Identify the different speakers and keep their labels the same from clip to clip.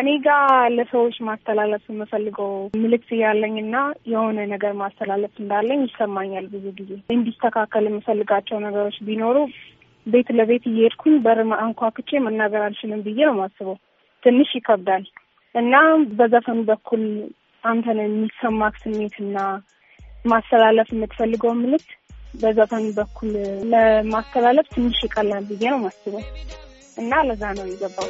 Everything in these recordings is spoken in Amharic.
Speaker 1: እኔ ጋር ለሰዎች ማስተላለፍ የምፈልገው ምልክት እያለኝ የሆነ ነገር ማስተላለፍ እንዳለኝ ይሰማኛል። ብዙ ጊዜ እንዲስተካከል የምፈልጋቸው ነገሮች ቢኖሩ ቤት ለቤት እየሄድኩኝ በር አንኳኩቼ መናገር አልችልም ብዬ ነው የማስበው። ትንሽ ይከብዳል እና በዘፈን በኩል አንተን የሚሰማክ ስሜትና ማስተላለፍ የምትፈልገው ምልክት በዘፈን በኩል ለማስተላለፍ ትንሽ ይቀላል ብዬ ነው የማስበው እና ለዛ ነው የገባው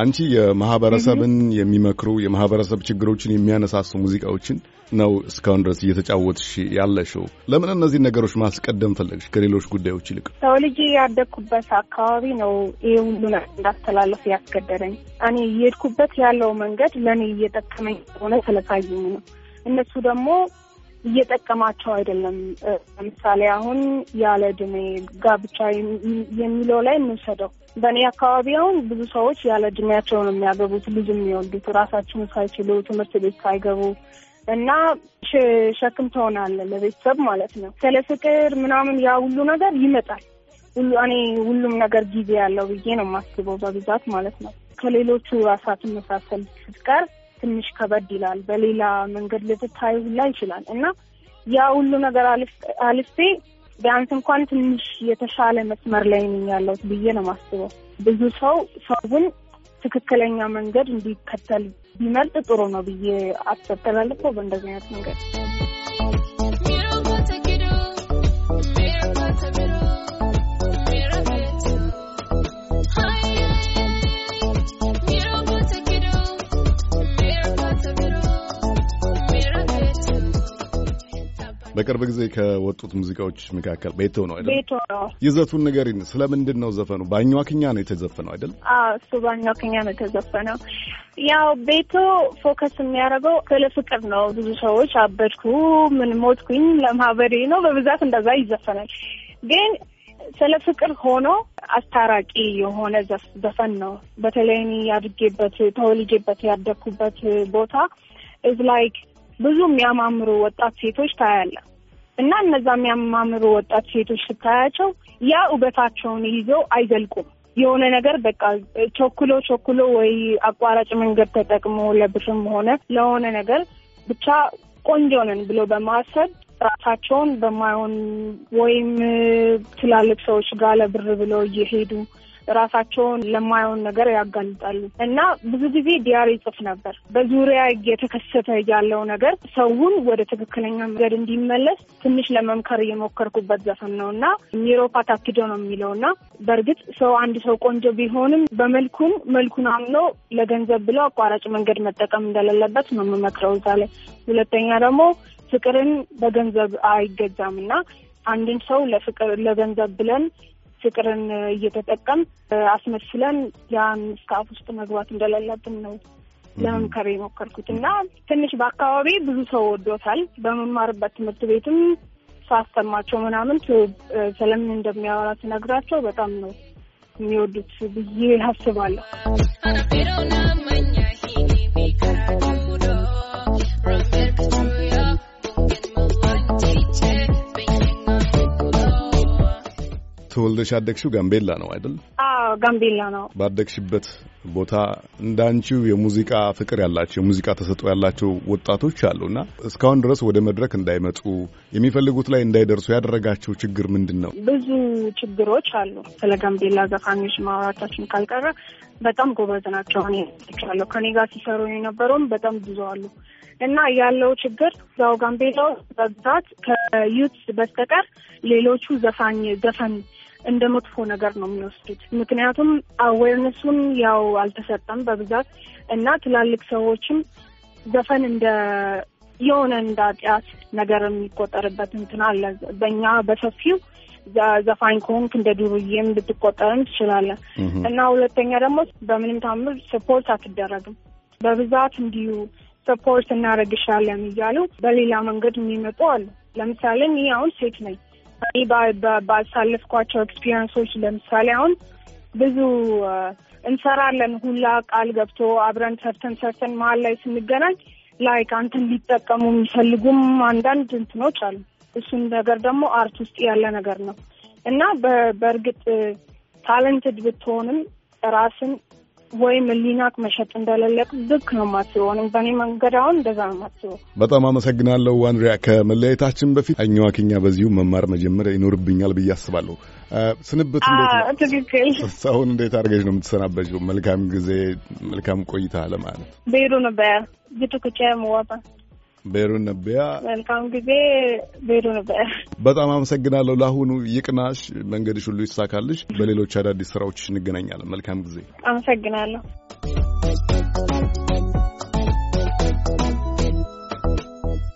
Speaker 2: አንቺ የማህበረሰብን የሚመክሩ የማህበረሰብ ችግሮችን የሚያነሳሱ ሙዚቃዎችን ነው እስካሁን ድረስ እየተጫወትሽ ያለሽው። ለምን እነዚህን ነገሮች ማስቀደም ፈለግሽ ከሌሎች ጉዳዮች ይልቅ?
Speaker 1: ተወልጄ ያደግኩበት አካባቢ ነው ይህ ሁሉ እንዳስተላለፍ ያስገደደኝ። እኔ እየሄድኩበት ያለው መንገድ ለእኔ እየጠቀመኝ ሆነ ስለታየኝ ነው። እነሱ ደግሞ እየጠቀማቸው አይደለም። ለምሳሌ አሁን ያለ እድሜ ጋብቻ የሚለው ላይ እንውሰደው። በእኔ አካባቢ አሁን ብዙ ሰዎች ያለ እድሜያቸው ነው የሚያገቡት ልጅ የሚወልዱት ራሳቸውን ሳይችሉ ትምህርት ቤት ሳይገቡ እና ሸክም ትሆናለህ ለቤተሰብ ማለት ነው። ስለ ፍቅር ምናምን ያ ሁሉ ነገር ይመጣል። ሁሉ እኔ ሁሉም ነገር ጊዜ ያለው ብዬ ነው የማስበው በብዛት ማለት ነው። ከሌሎቹ ራሳትን መሳሰል ስትቀር ትንሽ ከበድ ይላል። በሌላ መንገድ ልትታዩ ሁላ ይችላል እና ያ ሁሉ ነገር አልፌ ቢያንስ እንኳን ትንሽ የተሻለ መስመር ላይ ነኝ ያለሁት ብዬ ነው የማስበው። ብዙ ሰው ሰውን ትክክለኛ መንገድ እንዲከተል ቢመርጥ ጥሩ ነው ብዬ አስበላለሁ። በእንደዚህ አይነት መንገድ
Speaker 2: በቅርብ ጊዜ ከወጡት ሙዚቃዎች መካከል ቤቶ ነው አይደል? ቤቶ ነው። ይዘቱን ንገሪን። ስለምንድን ነው ዘፈኑ? ባኟክኛ ነው የተዘፈነው አይደል?
Speaker 1: አዎ፣ እሱ ባኟክኛ ነው የተዘፈነው። ያው ቤቶ ፎከስ የሚያደርገው ስለ ፍቅር ነው። ብዙ ሰዎች አበድኩ፣ ምን ሞትኩኝ ለማህበሬ ነው በብዛት እንደዛ ይዘፈናል። ግን ስለ ፍቅር ሆኖ አስታራቂ የሆነ ዘፈን ነው። በተለይ ያድጌበት ተወልጄበት ያደግኩበት ቦታ ኢዝ ላይክ ብዙ የሚያማምሩ ወጣት ሴቶች ታያለ እና እነዛ የሚያማምሩ ወጣት ሴቶች ስታያቸው ያ ውበታቸውን ይዘው አይዘልቁም። የሆነ ነገር በቃ ቸኩሎ ቸኩሎ ወይ አቋራጭ መንገድ ተጠቅሞ ለብርም ሆነ ለሆነ ነገር ብቻ ቆንጆ ነን ብሎ በማሰብ ራሳቸውን በማይሆን ወይም ትላልቅ ሰዎች ጋር ለብር ብለው እየሄዱ ራሳቸውን ለማየውን ነገር ያጋልጣሉ እና ብዙ ጊዜ ዲያሪ ይጽፍ ነበር። በዙሪያ የተከሰተ ያለው ነገር ሰውን ወደ ትክክለኛ መንገድ እንዲመለስ ትንሽ ለመምከር እየሞከርኩበት ዘፈን ነው እና ኒሮፓ ታኪዶ ነው የሚለው እና በእርግጥ ሰው አንድ ሰው ቆንጆ ቢሆንም በመልኩም መልኩን አምኖ ለገንዘብ ብሎ አቋራጭ መንገድ መጠቀም እንደሌለበት ነው የምመክረው እዛ ላይ። ሁለተኛ ደግሞ ፍቅርን በገንዘብ አይገዛም እና አንድን ሰው ለፍቅር ለገንዘብ ብለን ፍቅርን እየተጠቀም አስመስለን ያን ስካፍ ውስጥ መግባት እንደሌለብን ነው ለመምከር የሞከርኩት እና ትንሽ በአካባቢ ብዙ ሰው ወዶታል። በመማርበት ትምህርት ቤትም ሳስተማቸው ምናምን ስለምን እንደሚያወራ ስነግራቸው በጣም ነው የሚወዱት ብዬ አስባለሁ።
Speaker 2: ተወልደሽ ያደግሽው ጋምቤላ ነው አይደል?
Speaker 1: ጋምቤላ ነው።
Speaker 2: ባደግሽበት ቦታ እንዳንቺው የሙዚቃ ፍቅር ያላቸው የሙዚቃ ተሰጥኦ ያላቸው ወጣቶች እና እስካሁን ድረስ ወደ መድረክ እንዳይመጡ የሚፈልጉት ላይ እንዳይደርሱ ያደረጋቸው ችግር ምንድን ነው?
Speaker 1: ብዙ ችግሮች አሉ። ስለ ጋምቤላ ዘፋኞች ማውራታችን ካልቀረ በጣም ጎበዝ ናቸው። እኔ ቻለሁ ከኔ ጋር ሲሰሩ የነበረውም በጣም ብዙ አሉ እና ያለው ችግር ያው ጋምቤላ በብዛት ከዩት በስተቀር ሌሎቹ ዘፋኝ ዘፈን እንደ መጥፎ ነገር ነው የሚወስዱት። ምክንያቱም አዌርነሱን ያው አልተሰጠም በብዛት እና ትላልቅ ሰዎችም ዘፈን እንደ የሆነ እንደ ነገር የሚቆጠርበት እንትን አለ። በእኛ በሰፊው ዘፋኝ ከሆንክ እንደ ዱርዬም ልትቆጠርም ትችላለን እና ሁለተኛ ደግሞ በምንም ታምር ስፖርት አትደረግም። በብዛት እንዲሁ ሰፖርት እናደርግሻለን እያሉ በሌላ መንገድ የሚመጡ አሉ። ለምሳሌ እኔ አሁን ሴት ነኝ እኔ ባሳለፍኳቸው ኤክስፒሪንሶች ለምሳሌ አሁን ብዙ እንሰራለን ሁላ ቃል ገብቶ አብረን ሰርተን ሰርተን መሀል ላይ ስንገናኝ ላይክ አንተን ሊጠቀሙ የሚፈልጉም አንዳንድ እንትኖች አሉ። እሱን ነገር ደግሞ አርት ውስጥ ያለ ነገር ነው እና በእርግጥ ታለንትድ ብትሆንም ራስን ወይም ሊናቅ መሸጥ እንደሌለቅ ልክ ነው የማስበው። በእኔ መንገድ አሁን እንደዛ ነው የማስበው።
Speaker 2: በጣም አመሰግናለሁ አንድሪያ። ከመለያየታችን በፊት አኛዋኪኛ በዚሁ መማር መጀመር ይኖርብኛል ብዬ አስባለሁ። ስንብት ትክክል። አሁን እንዴት አድርገሽ ነው የምትሰናበችው? መልካም ጊዜ፣ መልካም ቆይታ ለማለት
Speaker 1: ቤሩ ነበያ ግቱ ክቻ ነበር
Speaker 2: ቤሩን ነቢያ፣
Speaker 1: መልካም ጊዜ። ቤሩ ነቢያ፣
Speaker 2: በጣም አመሰግናለሁ። ለአሁኑ ይቅናሽ፣ መንገድሽ ሁሉ ይሳካልሽ። በሌሎች አዳዲስ ስራዎች እንገናኛለን። መልካም ጊዜ።
Speaker 1: አመሰግናለሁ።